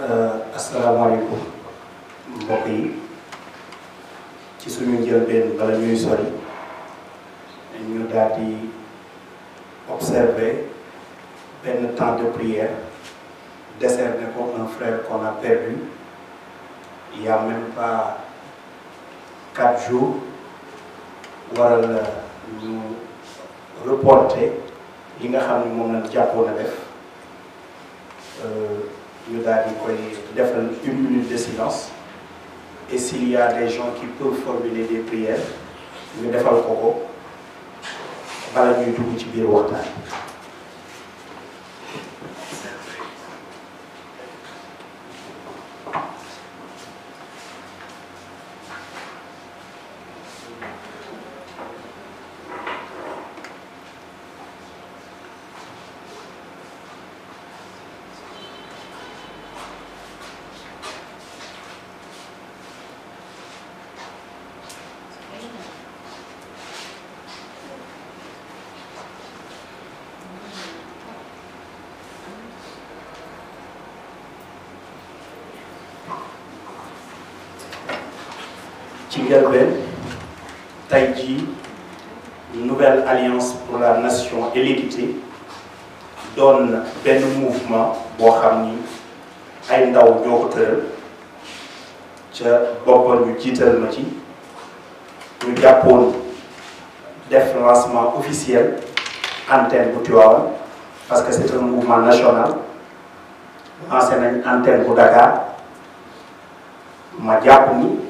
Euh, asalaamaaleykum mbokk yi ci suñu njëlbeen bala ñuy sori ñu daal di observer benn temps de prière décerné ko un frère qu'on a perdu il y a même pas quatre jours waral ñu reporter li nga xam ne moom lañ jàppoon a def. Euh, nous avons une minute de silence et s'il y a des gens qui peuvent formuler des prières nous avons faire. le bala nous Ben tey nouvelle alliance pour la nation et l'équité donne Ben mouvement boo xam ni ay ndaw ñoo ko tëral ca boppa ñu ma ci lancement officiel antenne bu parce que c'est un mouvement national lancé nañ antenne bu Dakar ma jàpp ni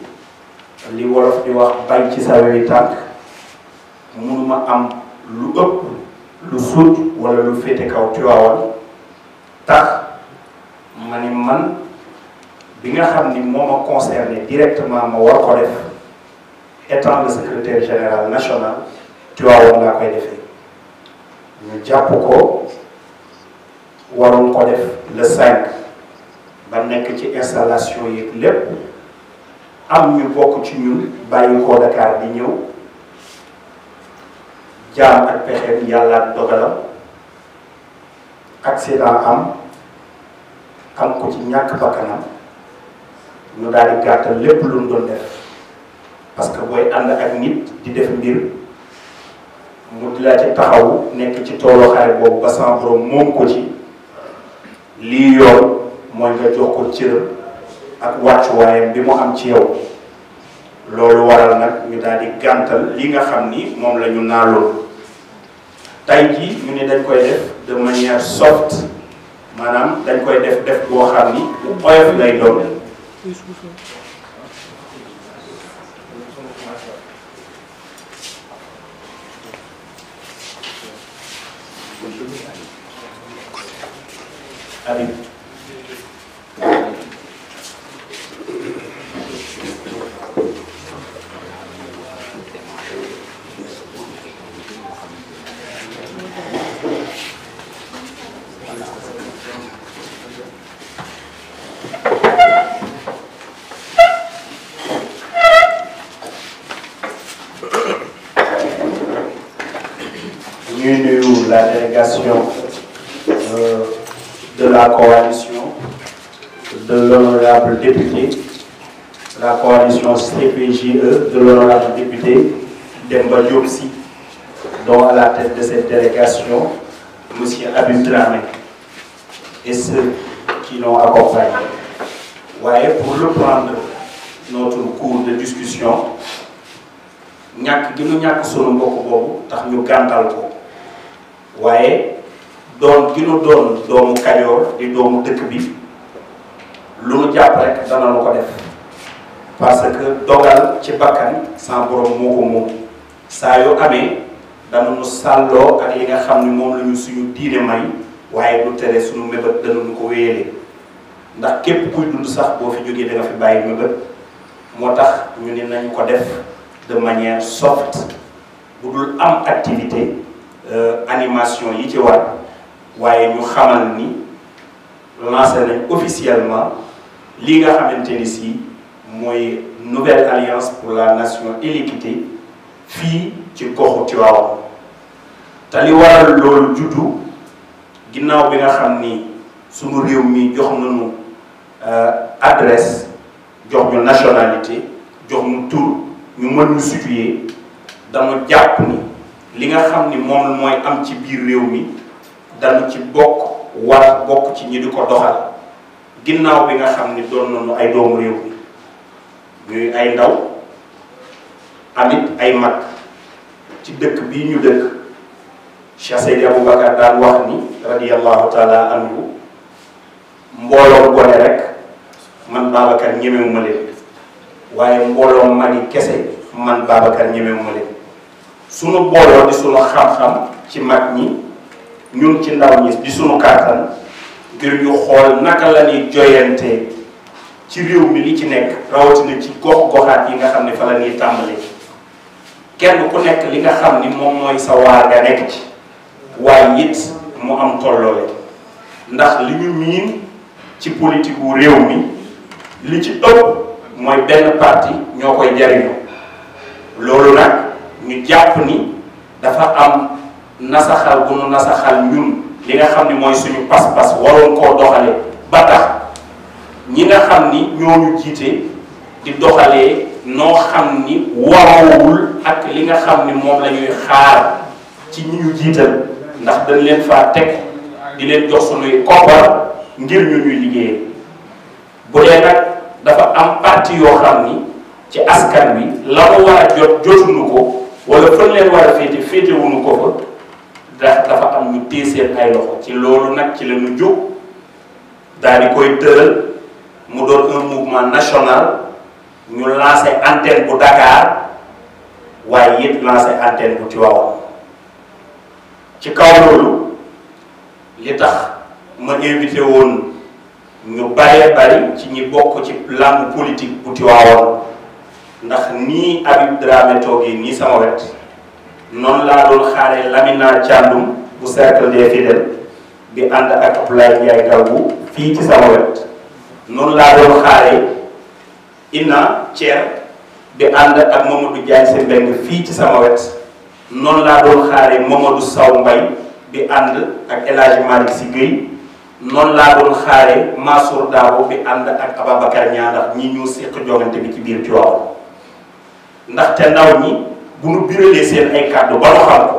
li wolof di wax bañ ci sa wewi tànk munuma am lu ëpp lu suut wala lu féete kaw Tiwaawan tax ma ni man bi nga xam ni moo ma concerné directement ma war ko def étant le secrétaire général national Tiwaawan nga koy defee ñu jàpp ko waroon ko def le 5 ba nekk ci installation yi lépp am ñu bokk ci ñun bàyyi a Dakar di ñëw jaam ak pexeem yàlla ak dogalam accident am am ko ci ñàkk bakkanam ñu daal gàttal lépp lu mu doon def parce que booy ànd ak nit di def mbir mu di laa ci taxaw nekk ci toolu xare boobu ba sama moom ko ci lii yoon mooy nga jox ko cëram ak wàccuwaayam bi mu am ci yow loolu waral nag ñu daal di gàntal li nga xam ni moom la ñu naaloon tey jii ñu ne dañ koy def de manière soft maanaam dañ koy def def boo xam ni bu oyof lay doon Thank you. la coalition de l'honorable député, la coalition CPGE de l'honorable député Demba dont à la tête de cette délégation, M. Abim et ceux qui l'ont accompagné. Ouais, pour reprendre notre cours de discussion, doon gi nu doon doomu Kajoor di doomu dëkk bi lu nu jàpp rek dana nu ko def parce que dogal ci bakkan sans borom moo ko moom saa yoo amee dana nu sàlloo ak li nga xam ni moom la ñu suñu diine may waaye du tere suñu mébét dana nu ko wéyale ndax képp kuy dund sax boo fi jógee da nga fi bàyyi mébét moo tax ñu ne nañ ko def de manière soft bu dul am activité euh, animation yi ci war waaye ñu xamal ni lancé nañ officiellement li nga xamante ni si mooy nouvelle alliance pour la nation et l'équité fii ci goxu Tivaouane te li waral loolu juddu ginnaaw bi nga xam ni sunu réew mi jox nañu euh, adresse jox ñu nationalité jox ñu tur ñu mën ñu situer dama jàpp ni li nga xam ni moom mooy am ci biir réew mi danu ci bok war bok ci ñi diko doxal ginnaw bi nga xamni doon nañu ay doomu rew ñuy ay ndaw amit ay mag ci dëkk bi ñu dëkk cheikh seydi aboubacar daan wax ni radiyallahu taala anhu mbolo gone rek man babacar ñemewuma leen waye mbolo mani kese man babacar ñemewuma leen suñu booloo di suñu xam-xam ci mag ñi ñun ci ndaw ñi di sunu kàttan ngir ñu xool naka la ñuy joyante ci réew mi li ci nekk rawatina ci gox goxaat yi nga xam ne fa la ñuy tàmbale kenn ku nekk li nga xam ni moom mooy sa waar nga nekk ci waaye it mu am tolloole ndax li ñu miin ci politique wu réew mi li ci ëpp mooy benn parti ñoo koy jariñu loolu nag ñu jàpp ni dafa am nasaxal bu nu nasaxal ñun li nga xam ni mooy suñu pas-pas waroon koo doxalee ba tax ñi nga xam ni ñooñu jiite di doxalee noo xam ni waroowul ak li nga xam ni moom la ñuy xaar ci ñi ñu jiital ndax dañ leen faa teg di leen jox sunuy koppar ngir ñu ñuy liggéeyee bu dee nag dafa am parti yoo xam ni ci askan wi la mu war a jot jotuñu ko wala fan leen war a féete féetewuñu ko fa ndax dafa am ñu téye ay loxo ci loolu nag ci la ñu jóg daal koy tëral mu doon un mouvement national ñu lancé antenne bu Dakar waaye yëpp lancé antenne bu Tivaouane ci kaw loolu li tax ma invité woon ñu bare bari ci ñi bokk ci langue politique bu Tivaouane ndax nii Habib Dramé toogee nii sama wet noonu laa doon xaaree Lamina Thiandoum bu cercle des fidèles di ànd ak Abdoulaye Ndiaye Kalbu fii ci sama wet noonu laa doon xaaree Ina Thier di ànd ak Mamadou Diagne Sy Mbengue fii ci sama wet noonu laa doon xaaree Mamadou Sow Mbaye di ànd ak El Hadj Malick Sy noonu laa doon xaaree Massour Dabo di ànd ak Ababacar Niang ñi ñu séq jogante bi ci biir Tivaouane ndaxte ndaw ñi bu nu biralee seen ay kàddu ba nu xam ko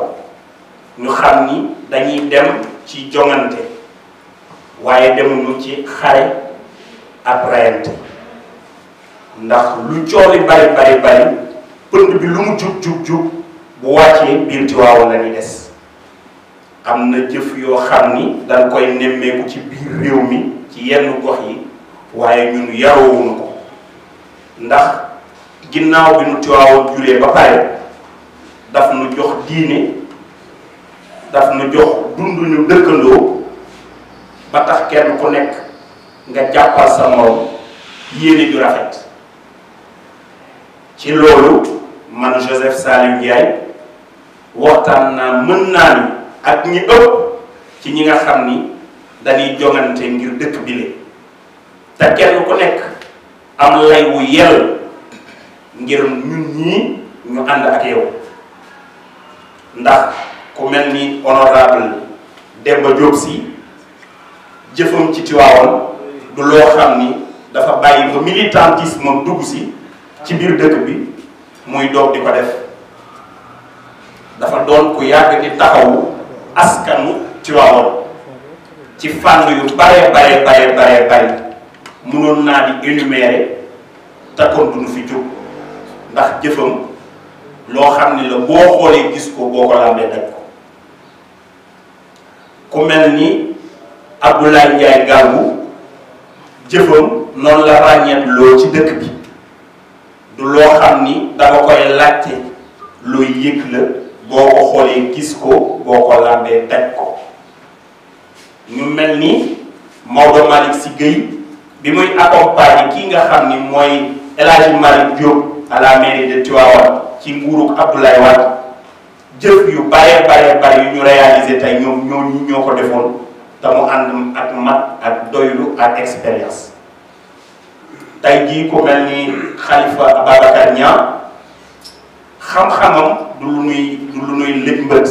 ñu xam ni dañuy dem ci jongante waaye demuñu ci xare ak rayante ndax lu cooli bari bari bari pënd bi lu mu jub jub jub bu wàccee biir Tiwaawan la ñuy des am na jëf yoo xam ni dañ koy nemmeeku ci biir réew mi ci yenn gox yi waaye ñun yaroowuñu ko ndax ginnaaw bi nu Tiwaawan juree ba pare daf nu jox diine daf nu jox dundu ñu dëkkandoo ba tax kenn ku nekk nga jàppal sa morom yéene ju rafet ci loolu man joseph salim ndiaye waxtaan naa mën naa ni ak ñi ëpp ci ñi nga xam ni dañuy jongante ngir dëkk bi le te kenn ku nekk am lay wu yel ngir ñun ñii ñu ànd ak yow ndax ku mel ni honorable Demba Diop si jëfam ci Tiwaawan du loo xam ni dafa bàyyi ba militantisme moom dugg si ci biir dëkk bi muy doog di ko def dafa doon ku yàgg di taxawu askanu Tiwaawan ci fànn yu bare bare bare bare bare mënoon naa di énumérer te kon du ñu fi jóg ndax jëfam loo xam ne la boo xoolee gis ko boo ko làmbee daj ko ku mel ni Abdoulaye Ndiaye Gàngu jëfam noonu la ràññeet loo ci dëkk bi du loo xam ni danga koy laajte loo yëg la boo ko xoolee gis ko boo ko làmbee daj ko ñu mel ni Maodo Malick Sy Guèye bi muy accompagner kii nga xam ni mooy El Hadji Malick Diop à la mairie de ci nguurug Abdoulaye Wade jëf yu bare bare bare yu ñu réalisé tey ñoom ñooñu ñoo ko defoon te mu ànd ak mat ak doylu ak expérience tey jii ku mel ni Khalifa Ababacar Niang xam-xamam du lu nuy lu nuy lëmbët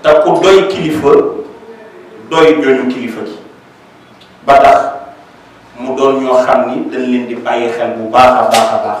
te ku doy kilifa doy joñu kilifa gi ba tax mu doon ñoo xam ni dañ leen di bàyyi xel bu baax a baax a baax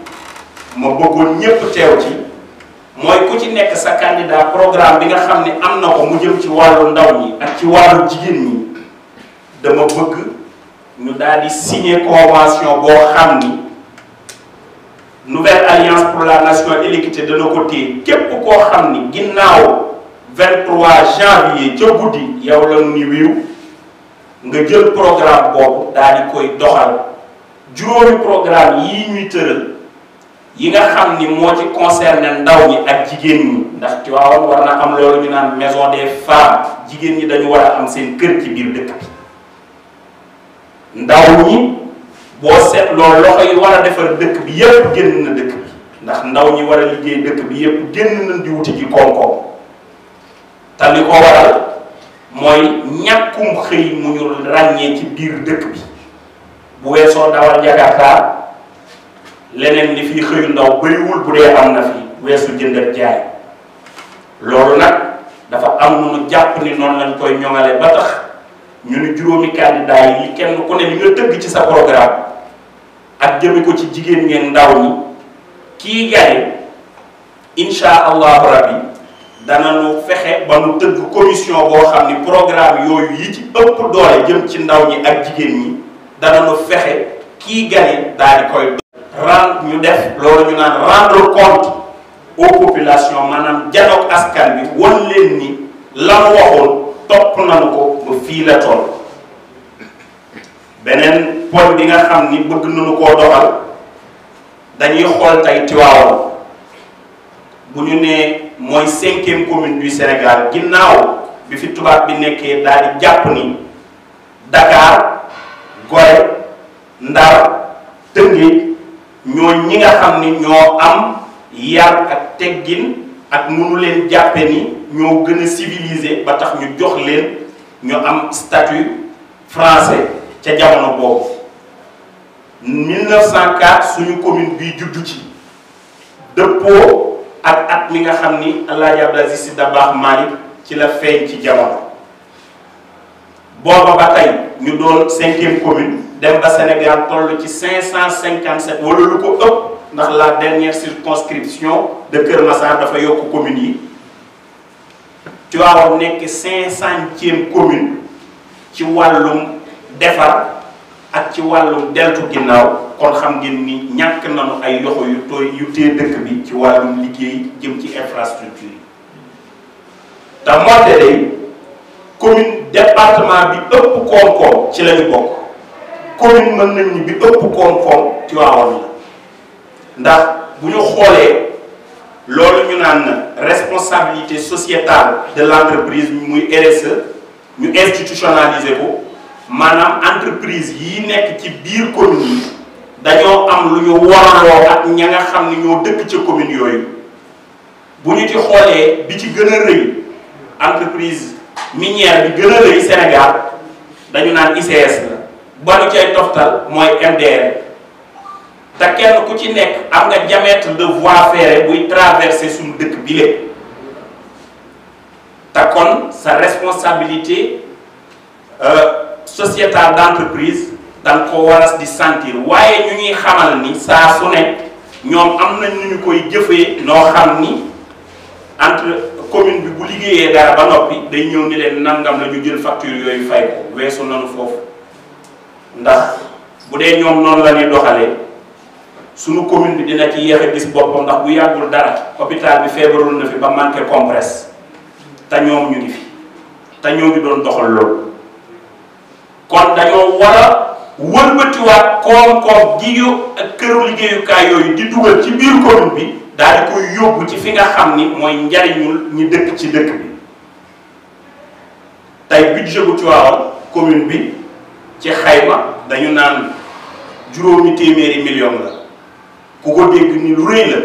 ma bëggoon ñëpp teew ci mooy ku ci nekk sa candidat programme bi nga xam ne am na ko mu jëm ci wàllu ndaw ñi ak ci wàllu jigéen ñi dama bëgg ñu daal di signer convention boo xam ni nouvelle alliance pour la nation et l'équité dana ko téye képp koo xam ni ginnaaw 23 janvier ca guddi yow la ni wiiw nga jël programme boobu daal di koy doxal juróomi programme yii ñuy tëral yi nga xam ni moo ci concerné ndaw ñi ak jigéen ñi ndax Tivaouane war na am loolu ñu naan maison des femmes jigéen ñi dañu war a am seen kër ci biir dëkk bi seetloo loxo yi a defar dëkk bi yépp génn ndax ndaw ñi war a liggéey dëkk bi yépp génn nañ di wuti ci koom-koom te ko waral mooy ñàkkum xëy mu ñu ràññee ci biir dëkk bi bu weesoo dawal Jakarta leneen li fii xëyu ndaw bëriwul bu dee am na fi weesu jënd jaay loolu nag dafa am nu nu jàpp ni noonu lañ koy ñoŋale ba tax ñu ni juróomi candidat yi li kenn ku ne li nga tëgg ci sa programme ak jëme ko ci jigéen ngeen ndaw ñi kii gaye insha allahu rabbi dana nu fexe ba nu tëgg commission boo xam ni programme yooyu yi ci ëpp doole jëm ci ndaw ñi ak jigéen ñi dana nu fexe kii gaye daal di koy rendre ñu def loolu ñu naan rendre compte aux populations maanaam janoog askan bi wan leen ni lan waxoon topp nañu ko ba fii la toll beneen poñ bi nga xam ni bëgg nañu koo doxal dañuy xool tey Tivaouane bu ñu nee mooy cinquième commune du Sénégal ginnaaw bi fi tubaab bi nekkee daal di jàpp ni Dakar Gorée Ndar Tëngéej ñoo ñi nga xam ni ñoo am yar ak teggin ak mënu leen jàppe ni ñoo gën a civilisé ba tax ñu jox leen ñu am statut français ca jamono boobu 1904 suñu commune bi juddu ci dëppoo ak at mi nga xam ni El Hadj Abdou Aziz Sy Dabakh ci la feeñ ci jamono Bon, ba tey ñu doon cinquième commune dem ba Sénégal 557 wala ko la dernière circonscription de Kër Massar dafa yokk commune yi Tivaouane nekk 500 commune ci wàllum defar ak ci wàllum deltu ginnaaw kon xam ngeen ay yoxo yu yu dëkk bi ci liggéey jëm ci infrastructure commune département bi ëpp koom-koom ci la ñu bokk commune mën nañ ni bi ëpp koom-koom Tivaouane la ndax bu ñu xoolee loolu ñu naan responsabilité sociétale de l' entreprise muy RSE ñu institutionnaliser ko maanaam entreprise yi nekk ci biir commune yi dañoo am lu ñu waraloo ak ña nga xam ne ñoo dëkk ca commune yooyu bu ñu ci xoolee bi ci gën a rëy entreprise minière bi gën a rëy Sénégal dañu naan ICS la ba lu cay toftal mooy MDR te kenn ku ci nekk am nga diamètre de voie ferrée buy traverser suñu dëkk bile te kon sa responsabilité euh, sociétale d'entreprise danga ko war a di sentir waaye ñu ñuy xamal ni saa su ne ñoom am nañ nu ñu koy jëfee noo xam ni entre commune bi bu liggéeyee dara ba noppi day ñëw ni leen nangam la ñu jël facture yooyu fay ko weesu nanu foofu ndax bu dee ñoom noonu la ñuy doxalee suñu commune bi dina ci yéex a gis boppam ndax bu yàggul dara hôpital bi feebarul na fi ba manqué compresse te ñu ngi fi te ñoo doon doxal loolu kon dañoo war a wëlbatiwaat koom-koom gi ak këru liggéeyukaay yooyu di dugal ci biir commune bi daal di yóbbu ci fi nga xam ni mooy njariñul ñi dëkk ci dëkk bi tey budget bu Tivaouane commune bi ci xayma dañu naan juróomi téeméeri million la ku ko dégg ni lu rëy la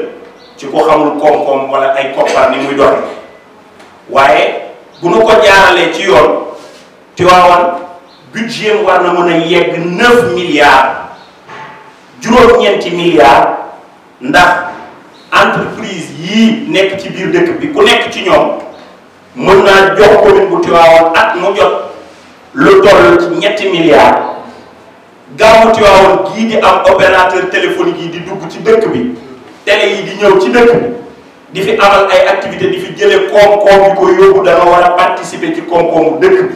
ci ko xamul koom-koom wala ay koppar ni muy doxe waaye bu nu ko jaaralee ci yoon Tivaouane budget war na mën a yegg neuf milliards juróom-ñeenti milliards ndax entreprise yii nekk ci biir dëkk bi ku nekk ci ñoom mën naa jox commune bu Tivaouane at mu jot lu toll ci ñetti milliards gàmmu Tivaouane gii di am opérateur téléphone yi di dugg ci dëkk bi télé yi di ñëw ci dëkk bi di fi amal ay activité di fi jëlee koom-koom bi ko yóbbu dana war a participer ci koom-koomu dëkk bi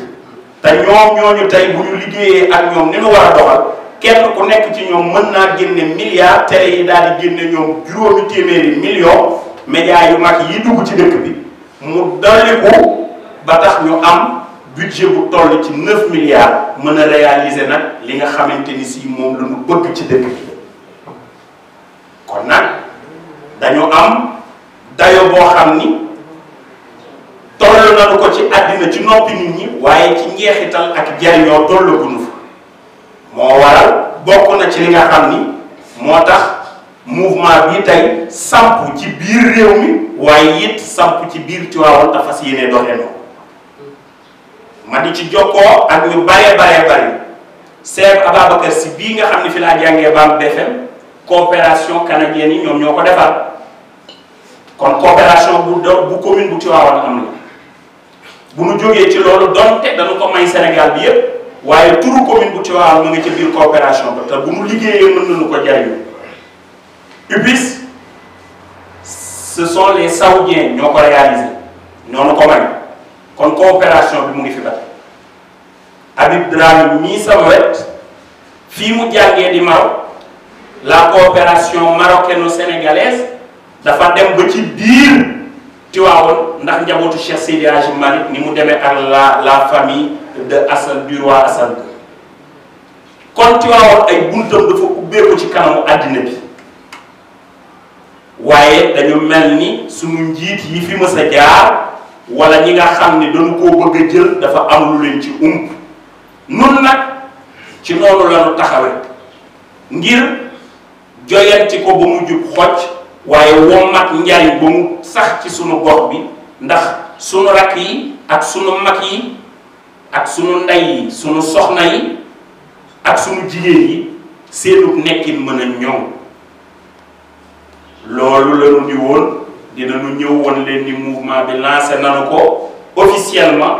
te ñoom ñooñu tey bu ñu liggéeyee ak ñoom ni nu war a doxal kenn ku nekk ci ñoom mën naa génne milliards télé yi daal di génne ñoom juróomi téeméeri millions médias yu mag yi dugg ci dëkk bi mu dolliku ba tax ñu am budget bu toll ci neuf milliards mën a réaliser nag li nga xamante ni si moom lu ñu bëgg ci dëkk bi kon nag dañu am dayo boo xam ni toll nañu ko ci àddina ci noppi nit ñi waaye ci njeexital ak jariñoo tollaguñu fa moo waral bokk na ci li nga xam ni moo tax mouvement bi tey samp ci biir réew mi waaye it samp ci biir Tiwaawan dafa si yéene doxe noonu ma di ci jokkoo ak ñu bare bare bari Seex Ababacar Si bii nga xam ne fi laa jàngee baam BFM coopération canadienne yi ñoom ñoo ko defar kon coopération bu do bu commune bu Tiwaawan am na bu nu jógee ci loolu donte dañu ko may Sénégal bi waaye turu commune bu Tivaouane mu ngi ci biir coopération ba te bu mu liggéeyee mën nañu ko jaayoo UBIS ce sont les saoudiens ñoo ko réalisé ñoonu ko may kon coopération bi mu ngi fi ba Habib Dramé mii sama wet fii mu jàngee di Maroc la coopération marocaine sénégalaise dafa dem ba ci biir Tivaouane ndax njabootu Cheikh Seydi Hadji Malick ni mu demee ak la la famille de Assane du roi Assane kon Tiwaawoon ay buntam dafa ubbeeku ci kanamu àddina bi waaye dañu mel ni suñu njiit yi fi mës a jaar wala ñi nga xam ni dañu ko bëgg a jël dafa am lu leen ci umb nun nag ci noonu lañu taxawe ngir joyanti ko ba mu jub xocc waaye wommat njariñ ba mu sax ci sunu gox bi ndax sunu rakk yi ak sunu mag yi ak sunu ndey yi sunu soxna yi ak sunu jigéen yi seenub nekkin mën a ñëw loolu lañu ni woon dinañu ñëw woon leen ni mouvement bi lancé nanu ko officiellement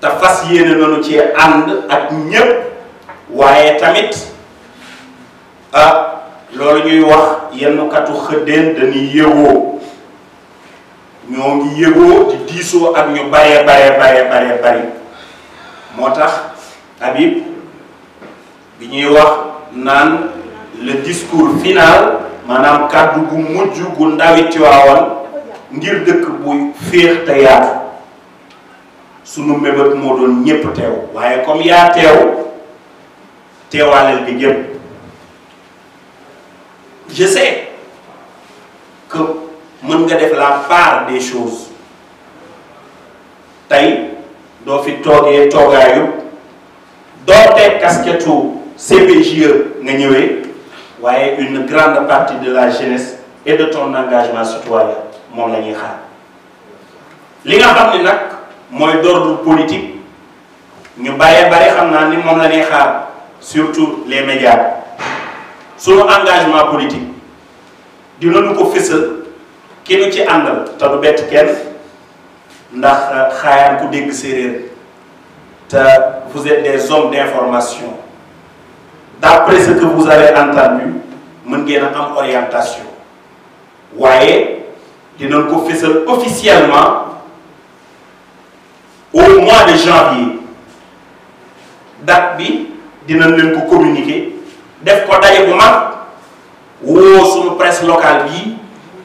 te fas yéene nanu ci ànd ak ñépp waaye tamit ah loolu ñuy wax yenn katu xëddeen dañuy yëwoo ñoo ngi yëgoo di diisoo ak ñu bare bare bare bare bari moo tax Habib bi ñuy wax naan le discours final maanaam kàddu gu mujj gu ndawi Tiwaawan ngir dëkk bu féex te yaatu sunu mébét moo doon ñépp teew waaye comme yaa teew teewaaleel bi ñépp je mën nga def la part des choses tey doo fi toogee toogaayu doonte casquette CPJE nga ñëwee waaye une grande partie de la jeunesse et de ton engagement citoyen moom la ñuy xaar li nga xam ne nag mooy d'ordre politique ñu bàyyee bari xam naa ni moom la ñuy xaar surtout les médias sunu engagement politique ñu ko fësal ki nu ci àndal te du bett kenn ndax euh, xaayaan ku dégg séeréer vous êtes des hommes d'information d'après ce que vous avez entendu mën ngeen a am orientation waaye dinañ ko fésal officiellement au mois de janvier date bi dinañ leen ko communiquer def ko daje bu mag woo presse locale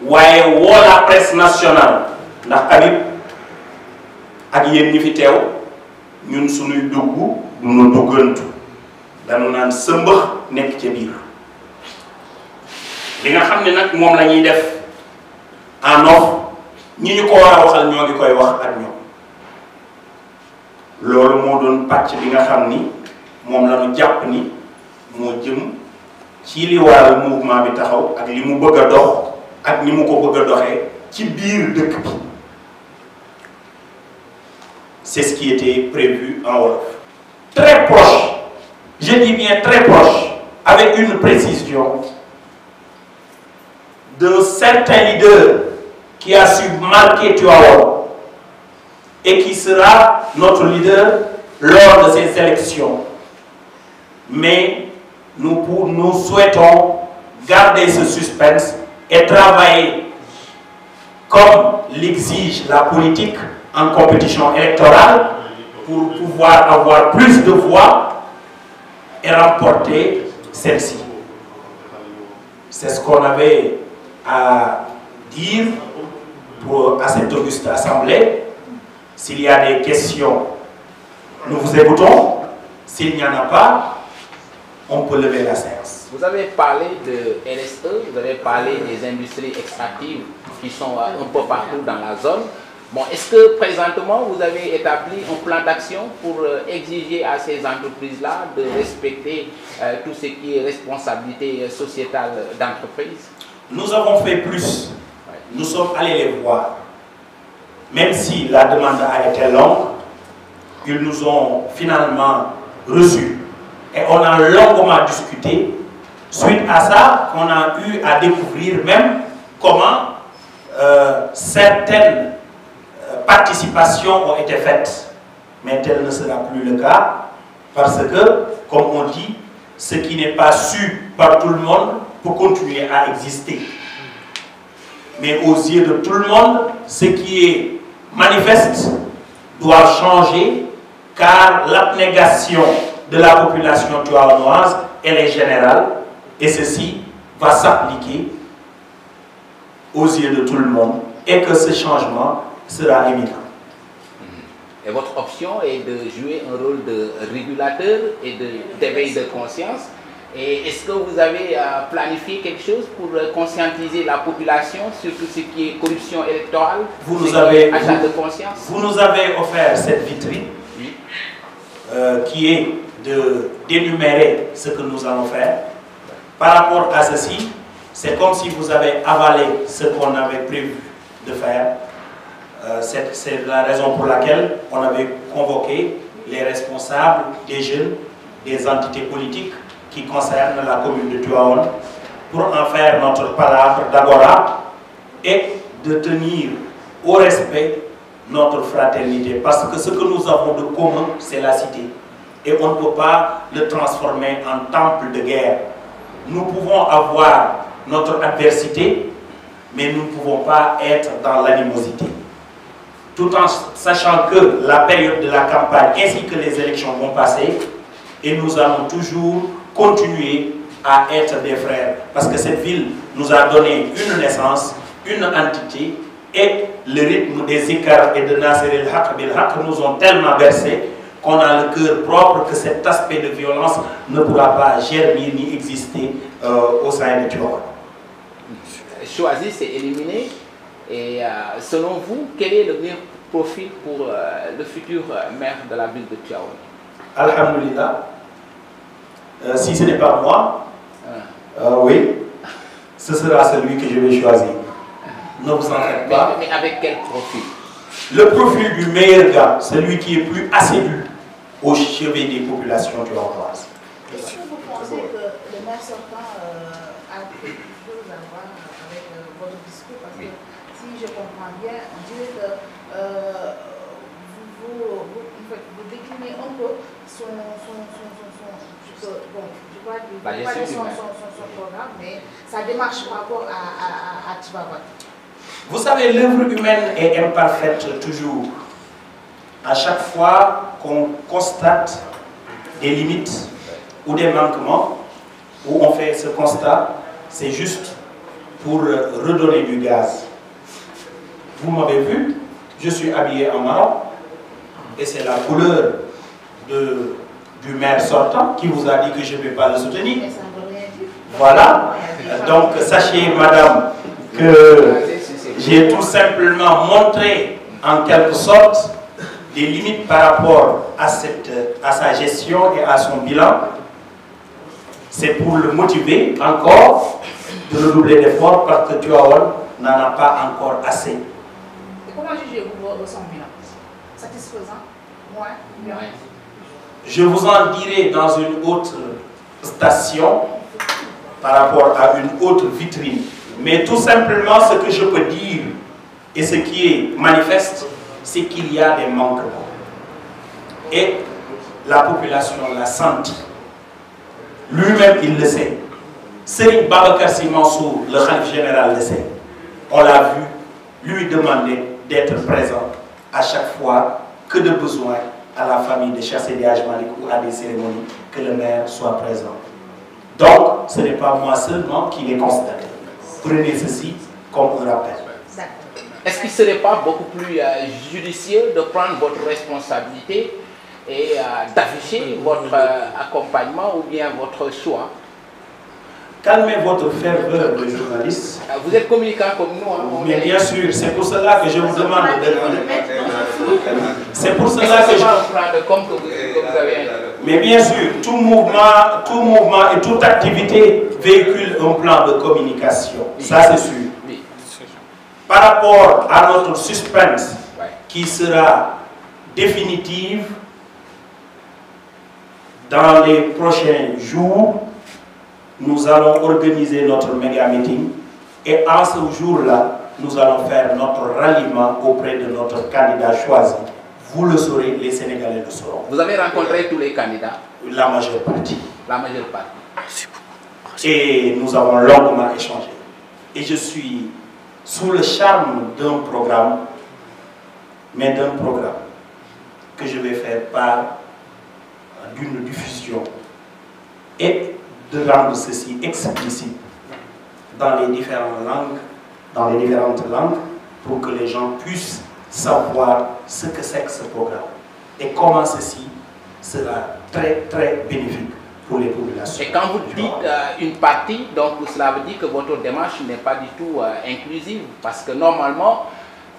waaye woo la presse nationale ndax Habib ak yéen ñi fi teew ñun suñuy dugg duñu duggantu dañu naan sëmbax nekk ca biir li nga xam ni nag moom lañuy def en off ñi ñu ko war a waxal ñoo ngi koy wax ak ñoom loolu moo doon pàcc bi nga xam ni moom lañu jàpp ni moo jëm ci li waral bi taxaw ak li mu bëgg a dox c'est ce qui était prévu en wolof. très proche je dis bien très proche avec une précision de certain leader qui a su marquer l'heure et qui sera notre leader lors de ces élections mais nous nous souhaitons garder ce suspense et travailler comme l'exige la politique en compétition électorale pour pouvoir avoir plus de voix et remporter celle-ci. C'est ce qu'on avait à dire pour, à cette auguste assemblée. S'il y a des questions, nous vous écoutons. S'il n'y en a pas, on peut lever la scène. Vous avez parlé de RSE, vous avez parlé des industries extractives qui sont euh, un peu partout dans la zone. Bon, est-ce que présentement vous avez établi un plan d'action pour euh, exiger à ces entreprises-là de respecter euh, tout ce qui est responsabilité sociétale d'entreprise Nous avons fait plus. Nous sommes allés les voir. Même si la demande a été longue, ils nous ont finalement reçus. Et on a longuement discuté Suite à ça, on a eu à découvrir même comment euh, certaines euh, participations ont été faites. Mais tel ne sera plus le cas, parce que, comme on dit, ce qui n'est pas su par tout le monde peut continuer à exister. Mais aux yeux de tout le monde, ce qui est manifeste doit changer, car l'abnégation de la population tuaonoise, elle est générale, et ceci va s'appliquer aux yeux de tout le monde et que ce changement sera éminent. Et votre option est de jouer un rôle de régulateur et d'éveil de, de conscience. Et est-ce que vous avez euh, planifié quelque chose pour euh, conscientiser la population sur tout ce qui est corruption électorale, vous nous avez, de conscience Vous nous avez offert cette vitrine euh, qui est de d'énumérer ce que nous allons faire par rapport à ceci, c'est comme si vous avez avalé ce qu'on avait prévu de faire. Euh, c'est la raison pour laquelle on avait convoqué les responsables des jeunes, des entités politiques qui concernent la commune de Tuaon pour en faire notre palabre d'agora et de tenir au respect notre fraternité. Parce que ce que nous avons de commun, c'est la cité. Et on ne peut pas le transformer en temple de guerre nous pouvons avoir notre adversité, mais nous ne pouvons pas être dans l'animosité. Tout en sachant que la période de la campagne ainsi que les élections vont passer et nous allons toujours continuer à être des frères. Parce que cette ville nous a donné une naissance, une entité et le rythme des écarts et de Nasser el-Haq nous ont tellement bercés qu'on a le cœur propre, que cet aspect de violence ne pourra pas germer ni exister euh, au sein de Tuawa. Choisir, c'est éliminer. Et euh, selon vous, quel est le meilleur profil pour euh, le futur maire de la ville de al Alhamdulillah. si ce n'est pas moi, ah. oui, ce sera celui que je vais choisir. Ne vous en pas. mais avec quel profil le profil du meilleur gars, celui qui est plus assidu, au chevet des populations de Hongroise. Est-ce que vous pensez que le maire sortant euh, a quelque chose à voir avec euh, votre discours Parce que si je comprends bien, Dieu vous, vous, déclinez un peu son, programme, mais sa démarche par rapport à, à, Vous savez, l'œuvre humaine est imparfaite toujours à chaque fois qu'on constate des limites ou des manquements, où on fait ce constat, c'est juste pour redonner du gaz. Vous m'avez vu, je suis habillé en marron, et c'est la couleur du maire sortant qui vous a dit que je ne vais pas le soutenir. Voilà, donc sachez, madame, que j'ai tout simplement montré en quelque sorte des limites par rapport à, cette, à sa gestion et à son bilan, c'est pour le motiver encore de redoubler d'efforts parce que Duaol n'en a pas encore assez. Et comment jugez-vous son bilan Satisfaisant Moins Je vous en dirai dans une autre station par rapport à une autre vitrine. Mais tout simplement, ce que je peux dire et ce qui est manifeste, c'est qu'il y a des manquements. Et la population l'a senti. Lui-même, il le sait. C'est Babacar Mansour, le chef général, le sait. On l'a vu lui demander d'être présent à chaque fois que de besoin à la famille de chasser des Malik ou à des cérémonies, que le maire soit présent. Donc, ce n'est pas moi seulement qui l'ai constaté. Prenez ceci comme un rappel. Est-ce qu'il ne serait pas beaucoup plus euh, judicieux de prendre votre responsabilité et euh, d'afficher votre euh, accompagnement ou bien votre choix Calmez votre ferveur de journaliste. Ah, vous êtes communicant comme nous. Hein, Mais bien sûr, c'est pour cela que je vous demande de C'est pour cela que je. vous, Mais bien sûr, tout mouvement, tout mouvement et toute activité véhicule un plan de communication. Ça, c'est sûr par rapport à notre suspense qui sera définitive dans les prochains jours, nous allons organiser notre méga meeting et en ce jour-là, nous allons faire notre ralliement auprès de notre candidat choisi. Vous le saurez, les Sénégalais le sauront. Vous avez rencontré tous les candidats La majeure partie. La majeure partie. Et nous avons longuement échangé. Et je suis sous le charme d'un programme, mais d'un programme que je vais faire part euh, d'une diffusion et de rendre ceci explicite dans les différentes langues, dans les différentes langues, pour que les gens puissent savoir ce que c'est que ce programme et comment ceci sera très très bénéfique les populations. Et quand vous dites euh, une partie, donc cela veut dire que votre démarche n'est pas du tout euh, inclusive, parce que normalement,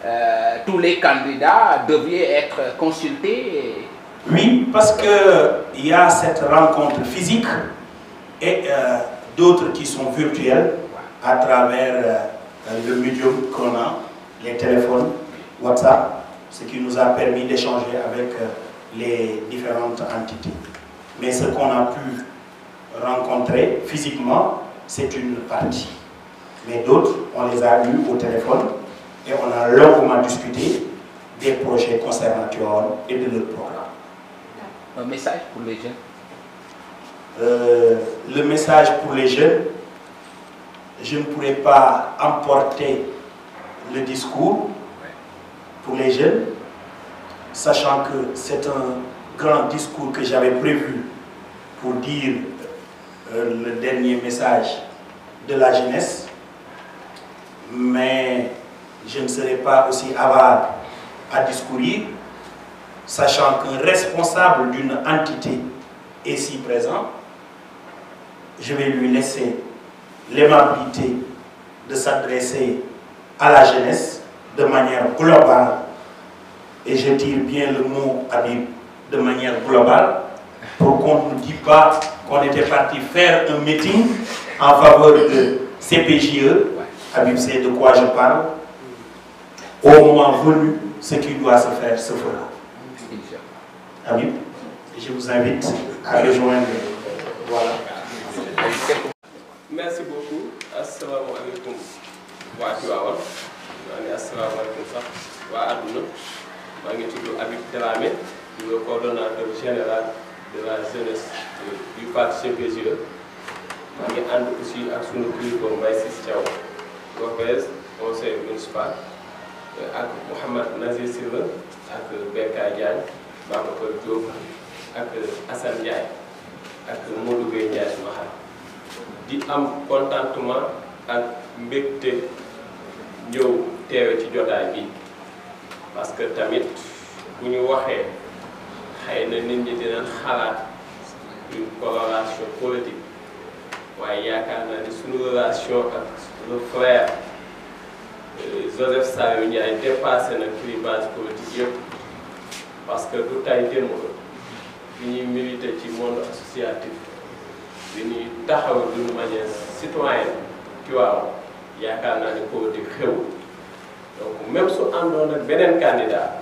euh, tous les candidats devaient être consultés. Oui, parce qu'il y a cette rencontre physique et d'autres qui sont virtuels à travers le médium qu'on a, les téléphones, WhatsApp, ce qui nous a permis d'échanger avec les différentes entités. Mais ce qu'on a pu rencontrer physiquement, c'est une partie. Mais d'autres, on les a eus au téléphone et on a longuement discuté des projets concernant et de leur programme. Un message pour les jeunes euh, Le message pour les jeunes, je ne pourrais pas emporter le discours pour les jeunes, sachant que c'est un grand discours que j'avais prévu pour dire euh, le dernier message de la jeunesse, mais je ne serai pas aussi avare à discourir, sachant qu'un responsable d'une entité est si présent, je vais lui laisser l'aimabilité de s'adresser à la jeunesse de manière globale. Et je tire bien le mot à dire de manière globale, pour qu'on ne nous dise pas qu'on était parti faire un meeting en faveur de CPJE. Habib sait de quoi je parle. Au moment venu, ce qui doit se faire se fera. Habib, je vous invite à rejoindre. Voilà. Merci beaucoup. Assalamu alaikum. wa Tiwaawan maa ngi wa sax je suis Habib Dramé le coordonnateur général de la jeunesse du parti GPGE maa ngi ànd aussi ak sunu kilifa Mbaye Ciss Thiaw Lopez conseil municipal euh, ak Mouhamad Nazir Silla ak Berka Diagne Babacar Diop ak Assane Ndiaye ak Modou Gueye Ndiaye suma xar di am contentement ak mbégte ñëw teewe ci jotaay bi parce que tamit bu ñu waxee xëy na nit ñi dinañ xalaat une coloration politique waaye yaakaar naa ne suñu relation ak suñu frère euh, Joseph Saliou Ndiaye dépassé na clivage politique yëpp parce que du tay démb bi ñuy militer ci monde associatif bi ñuy taxaw d'une manière citoyenne ci waaw yaakaar naa ne politique donc même su àndoon ak beneen candidat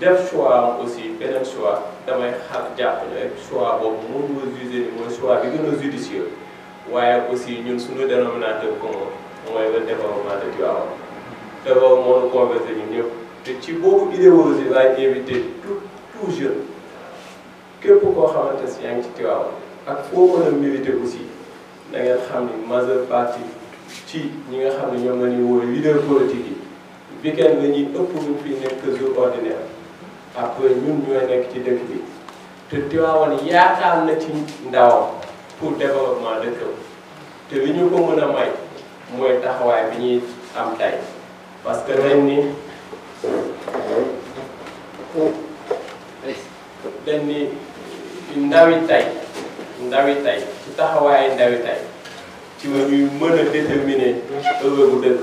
def choix aussi beneen choix damay xar jàpp ne rek choix boobu moom nga jugé ni mooy choix bi gën a judicieux waaye aussi ñun suñu dénominateur commun mooy le développement de Tivaouane d'abord moo ci boobu idéologie laay invité tout képp koo xamante si yaa ngi ci Tivaouane ak foo mën a milité aussi da ngeen xam ni majeure partie ci ñi nga xam ne ñoom la ñuy wooyu leader politique bi weekend la ñuy ëpp lu fi nekk jour ordinaire après ñun ñooy nekk ci dëkk bi te Tivaouane yaakaar na ci ndawam pour développement dëkkam te li ñu ko mën a may mooy taxawaay bi ñuy am tey parce que dañ ni dañ ni ndawi tey ndawi tey ci taxawaayu ndawi tey ci la ñuy mën a déterminer ëllëgu dëkk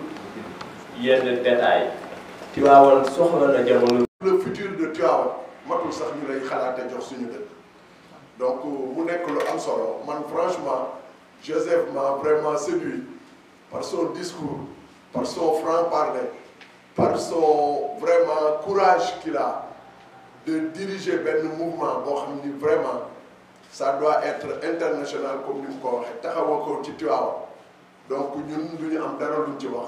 yenn détail Tivaouane soxla na jamono. le futur de Tivaouane matul sax ñu lay xalaate jox suñu dëkk donc euh, mu nekk lu am solo man franchement Joseph m'a vraiment séduit par son discours par son franc-parler par son vraiment courage qu'il a de diriger benn mouvement boo xam vraiment ça doit être international comme ni mu ko waxee taxawoo ko ci Tivaouane donc ñun du ñu am dara luñ ci wax.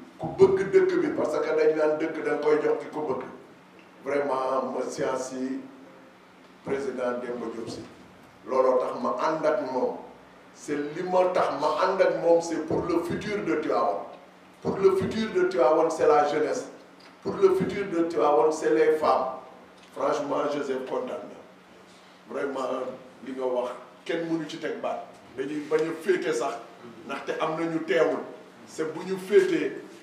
ku bëgg dëkk bi parce que dañ nan deuk da koy jox ki ko bëgg vraiment ma science président Demba Diop ci lolo tax ma ànd ak moom c'est limo tax ma ànd ak moom c'est pour le futur de Tivaouane pour le futur de Tivaouane c'est la jeunesse pour le futur de Tivaouane c'est les femmes franchement je suis condamné vraiment li nga wax ken mënu ci tek ba dañuy bañ fété sax ndaxte am na ñu teewul c'est buñu fété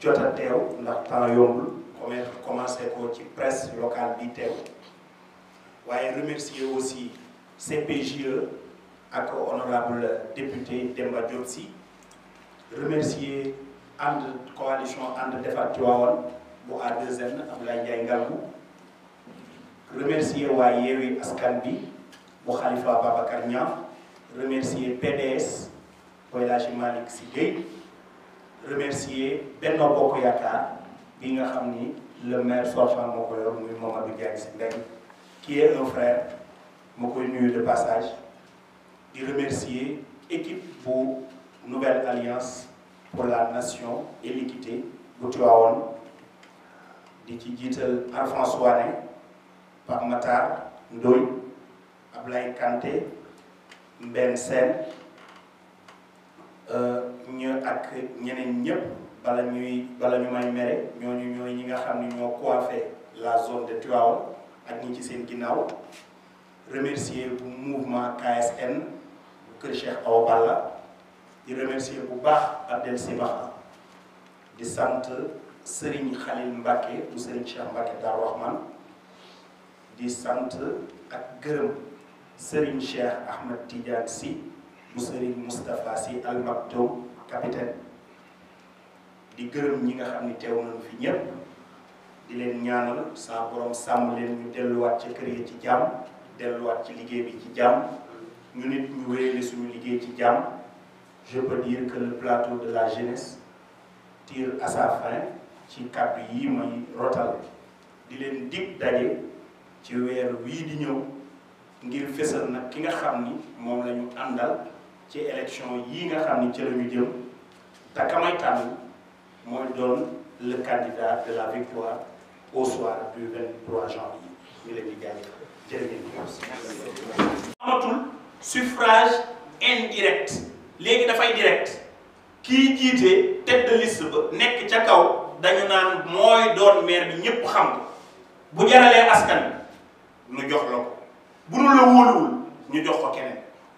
jot a teew ndax temps yombul commettre commencé ko ci presse locale bi teew waaye remercier aussi CPJE ak honorable député Demba Diop Sy remercier and coalition and defa Tivaouane bu A2N Abdoulaye Ndiaye Ngalgou remercier wa Yewwi Askan bi bu Khalifa Babacar Niang remercier PDS Boy Malik Malick remercier Benno Bokk qui bi le maire sortant moo ko yor muy Mamadou Diagne qui est un frère ma koy nuyu de passage di remercier équipe bu Nouvelle Alliance pour la Nation et l'Équité de Tivaouane di ci jiital François Né Pape Matar Ndoye Ablaye Kanté Sen euh, ñu ak ñeneen ñëpp bala ñuy bala ñu may mere ñooñu ñooy ñi nga xam ne ñoo coiffé la zone de Tuaon ak ñi ci seen ginnaaw remercier bu mouvement KSN bu kër Cheikh Awa Balla di remercier bu baax Abdel Sibaha di sant Serigne Khalil Mbacké bu Serigne Cheikh Mbacké Dar Rahman di sant ak gërëm Serigne Cheikh Ahmed Tidiane Sy bu Serigne Moustapha Sy Al Maktoum capitaine di gërëm ñi nga xamni téwul ñu fi ñëpp di leen ñaanal sa borom sam leen ñu wat ci kër yi ya ci déllu wat ci liggéey bi ci jamm ñu nit ñu wéyale suñu liggéey ci jamm je peux dire que le plateau de la jeunesse tire à sa fin ci kàddu yi may rotal di leen dig dajé ci weer wi di ñëw ngir fessel nak ki nga xamni mom lañu andal ci élection yi nga xam ni ci lañu jëm te kamay tànn mooy doon le candidat de la victoire au soir du 23 janvier ñu leen di jaajëfal jërë amatul suffrage indirect léegi dafay direct kii jiite tête de liste ba nekk ca kaw dañu naan mooy doon maire bi ñépp xam ko bu jaralee askan nu jox la ko bu nu la wóoluwul ñu jox ko keneen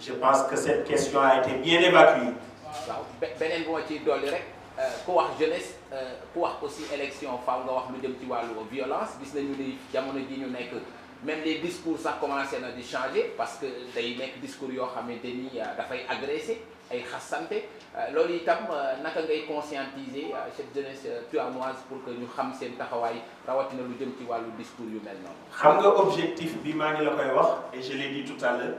je pense que cette question a été bien évacuée. Ben, beneen bu ma ciy rek euh, ku wax jeunesse euh, ku wax aussi élection faaw nga wax lu jëm ci wàllu violence gis nañu ni jamono ji ñu nekk même les discours ça commencé à di changer parce que day nekk discours xamé xamante euh, da fay agresser ay xassanté loolu itam naka ngay conscientiser cette jeunesse tuamoise pour que ñu xam seen taxawaay na lu jëm ci walu discours yu mel non xam nga objectif bi ma ngi la koy wax et je l'ai dit tout à l'heure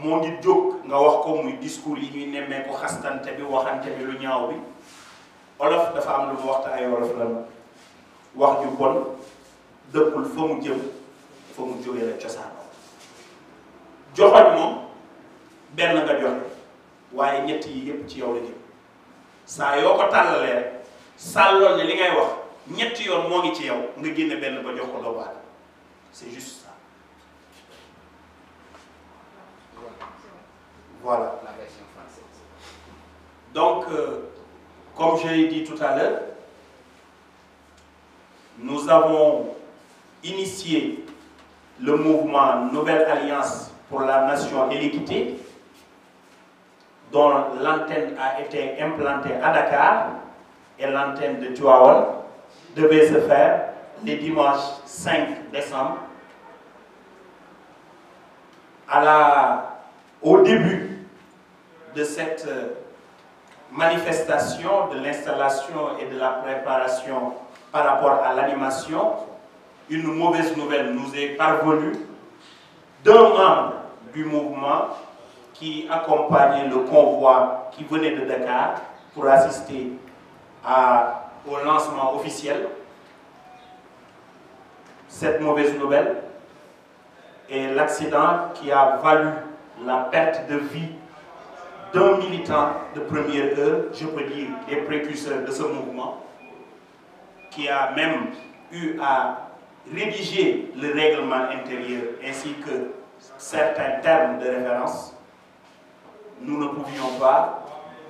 moo ngi jóg nga wax ko muy discours yi ñuy nemmee ko xastante bi waxante bi lu ñaaw bi olof dafa am lu mu waxta ay olof la wax ju bon deppul fa mu jëm fa mu jógee la ciosan joxoñ mo benn nga jox waye ñet yi yépp ci yow la jëm sa yo ko talalé salol ni li ngay wax ñet yoon mo ngi ci yow nga génne benn ba jox ko do c'est juste ça Voilà. La version française. Donc, euh, comme je l'ai dit tout à l'heure, nous avons initié le mouvement Nouvelle Alliance pour la Nation et l'Équité, dont l'antenne a été implantée à Dakar et l'antenne de Tuaol devait se faire le dimanche 5 décembre au début de cette euh, manifestation, de l'installation et de la préparation par rapport à l'animation, une mauvaise nouvelle nous est parvenue d'un membre du mouvement qui accompagnait le convoi qui venait de Dakar pour assister à, au lancement officiel. Cette mauvaise nouvelle est l'accident qui a valu la perte de vie d'un militant de première heure, je peux dire les précurseurs de ce mouvement, qui a même eu à rédiger le règlement intérieur ainsi que certains termes de référence, nous ne pouvions pas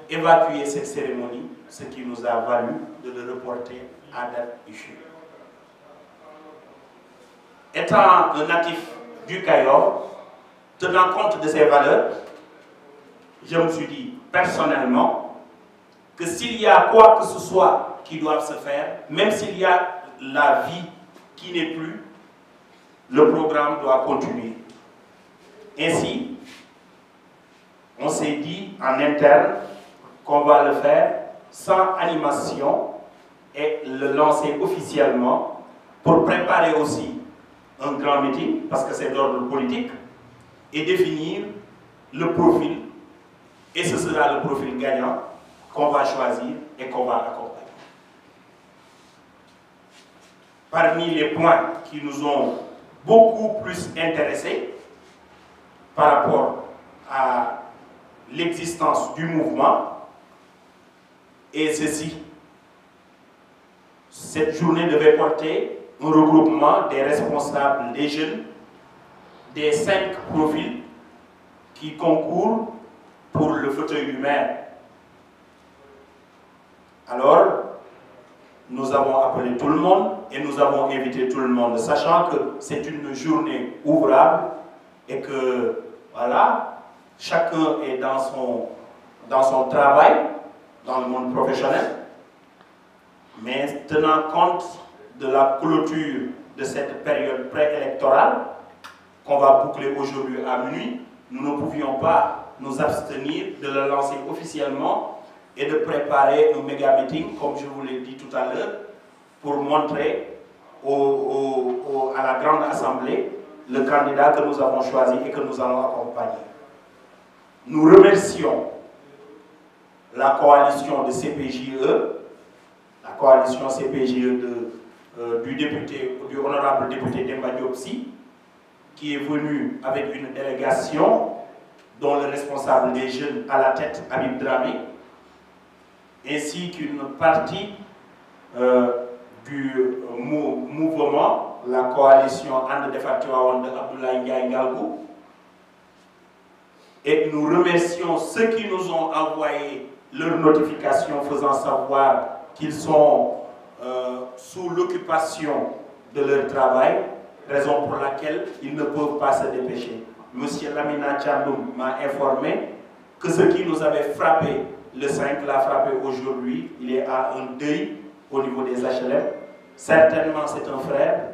évacuer cette cérémonie, ce qui nous a valu de le reporter à date issue. Étant un natif du Cayor, tenant compte de ses valeurs, je me suis dit personnellement que s'il y a quoi que ce soit qui doit se faire, même s'il y a la vie qui n'est plus, le programme doit continuer. Ainsi, on s'est dit en interne qu'on va le faire sans animation et le lancer officiellement pour préparer aussi un grand meeting, parce que c'est d'ordre politique, et définir le profil et ce sera le profil gagnant qu'on va choisir et qu'on va accompagner. Parmi les points qui nous ont beaucoup plus intéressés par rapport à l'existence du mouvement, et ceci, cette journée devait porter un regroupement des responsables des jeunes des cinq profils qui concourent pour le fauteuil humain. Alors, nous avons appelé tout le monde et nous avons invité tout le monde, sachant que c'est une journée ouvrable et que, voilà, chacun est dans son, dans son travail, dans le monde professionnel, mais tenant compte de la clôture de cette période préélectorale qu'on va boucler aujourd'hui à minuit, nous ne pouvions pas nous abstenir de le lancer officiellement et de préparer un méga meeting, comme je vous l'ai dit tout à l'heure, pour montrer à la Grande Assemblée le candidat que nous avons choisi et que nous allons accompagner. Nous remercions la coalition de CPJE, la coalition CPJE euh, du député, du honorable député Demba qui est venu avec une délégation dont le responsable des jeunes à la tête, Abid Dramé, ainsi qu'une partie euh, du euh, mouvement, la coalition Ande de de Abdoulaye Et nous remercions ceux qui nous ont envoyé leurs notifications faisant savoir qu'ils sont euh, sous l'occupation de leur travail, raison pour laquelle ils ne peuvent pas se dépêcher. M. Lamina Tchandoum m'a informé que ce qui nous avait frappé le 5 l'a frappé aujourd'hui. Il est à un deuil au niveau des HLM. Certainement, c'est un frère.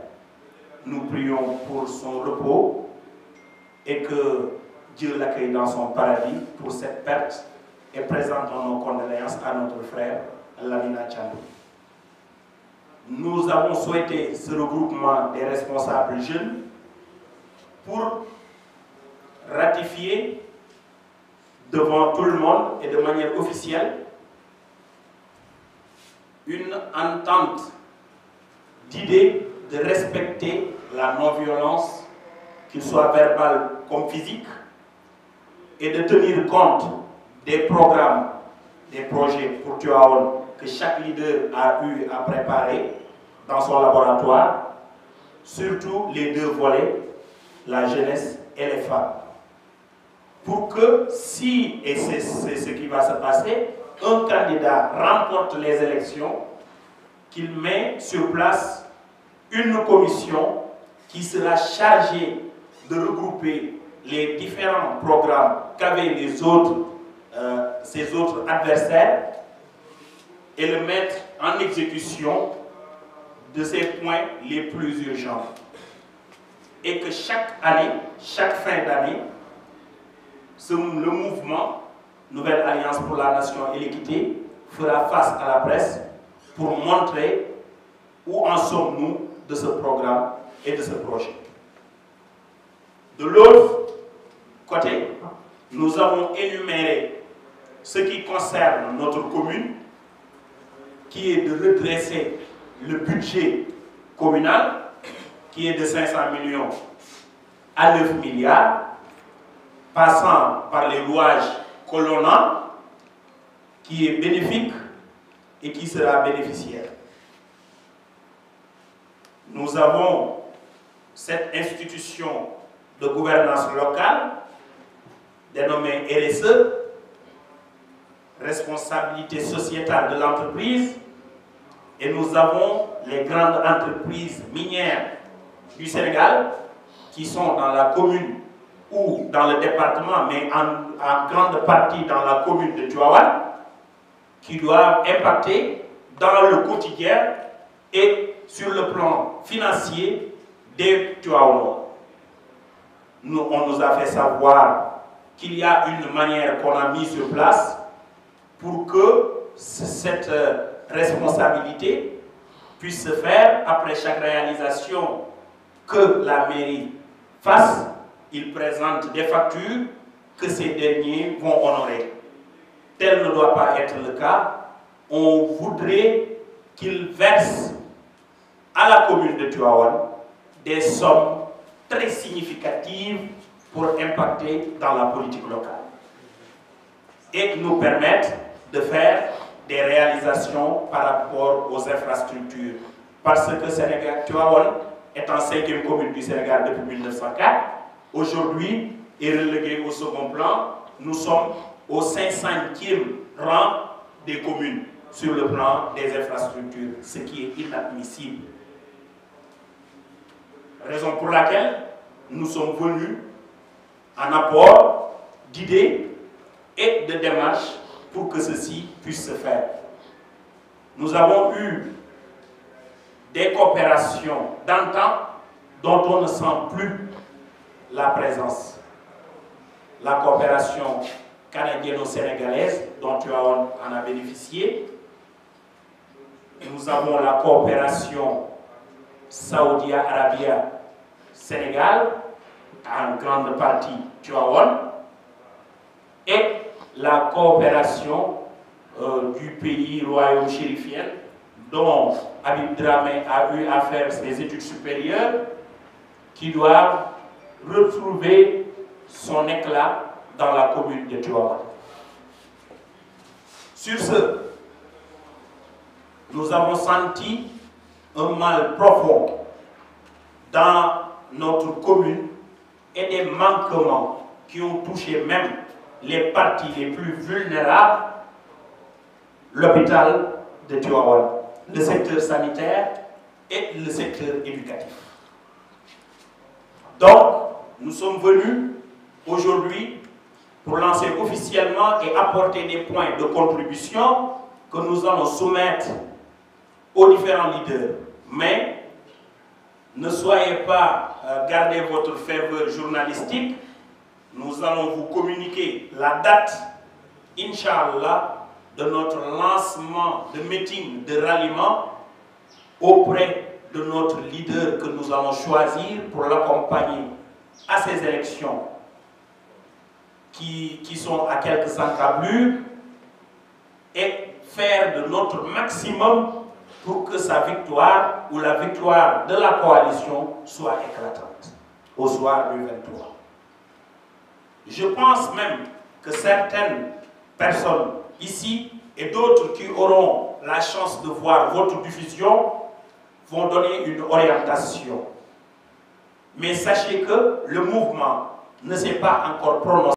Nous prions pour son repos et que Dieu l'accueille dans son paradis pour cette perte et présentons nos condoléances à notre frère Lamina Tchandoum. Nous avons souhaité ce regroupement des responsables jeunes pour ratifier devant tout le monde et de manière officielle une entente d'idée de respecter la non-violence, qu'il soit verbale comme physique, et de tenir compte des programmes, des projets pour Tuaon que chaque leader a eu à préparer dans son laboratoire, surtout les deux volets, la jeunesse et les femmes pour que si, et c'est ce qui va se passer, un candidat remporte les élections, qu'il met sur place une commission qui sera chargée de regrouper les différents programmes qu'avaient les autres, ses euh, autres adversaires et le mettre en exécution de ces points les plus urgents. Et que chaque année, chaque fin d'année, le mouvement Nouvelle Alliance pour la Nation et l'équité fera face à la presse pour montrer où en sommes-nous de ce programme et de ce projet. De l'autre côté, nous avons énuméré ce qui concerne notre commune, qui est de redresser le budget communal, qui est de 500 millions à 9 milliards, passant par les louages que qui est bénéfique et qui sera bénéficiaire. Nous avons cette institution de gouvernance locale, dénommée RSE, responsabilité sociétale de l'entreprise, et nous avons les grandes entreprises minières du Sénégal qui sont dans la commune ou dans le département, mais en, grande partie dans la commune de Tuawa, qui doivent impacter dans le quotidien et sur le plan financier des Tuahua. Nous, on nous a fait savoir qu'il y a une manière qu'on a mise sur place pour que cette euh, responsabilité puisse se faire après chaque réalisation que la mairie fasse il présente des factures que ces derniers vont honorer. Tel ne doit pas être le cas. On voudrait qu'ils verse à la commune de Tuawon des sommes très significatives pour impacter dans la politique locale et nous permettre de faire des réalisations par rapport aux infrastructures. Parce que Sénégal, est en cinquième commune du Sénégal depuis 1904 Aujourd'hui et relégué au second plan. Nous sommes au 500e rang des communes sur le plan des infrastructures, ce qui est inadmissible. Raison pour laquelle nous sommes venus en apport d'idées et de démarches pour que ceci puisse se faire. Nous avons eu des coopérations d'antan dont on ne sent plus la présence, la coopération canadienne-sénégalaise dont tu en a bénéficié. Nous avons la coopération Saoudia-Arabia-Sénégal, en grande partie on et la coopération euh, du pays royaume chérifien, dont abid Dramé a eu à faire ses études supérieures, qui doivent retrouver son éclat dans la commune de Tuawa. Sur ce, nous avons senti un mal profond dans notre commune et des manquements qui ont touché même les parties les plus vulnérables, l'hôpital de Tuawa, le secteur sanitaire et le secteur éducatif. Donc, nous sommes venus aujourd'hui pour lancer officiellement et apporter des points de contribution que nous allons soumettre aux différents leaders. Mais ne soyez pas, gardés euh, gardez votre ferveur journalistique. Nous allons vous communiquer la date, Inch'Allah, de notre lancement de meeting de ralliement auprès de notre leader que nous allons choisir pour l'accompagner à ces élections qui, sont à quelques encablures et faire de notre maximum pour que sa victoire ou la victoire de la coalition soit éclatante au soir du 23. Je pense même que certaines personnes ici et d'autres qui auront la chance de voir votre diffusion vont donner une orientation mais sachez que le mouvement ne s'est pas encore prononcé.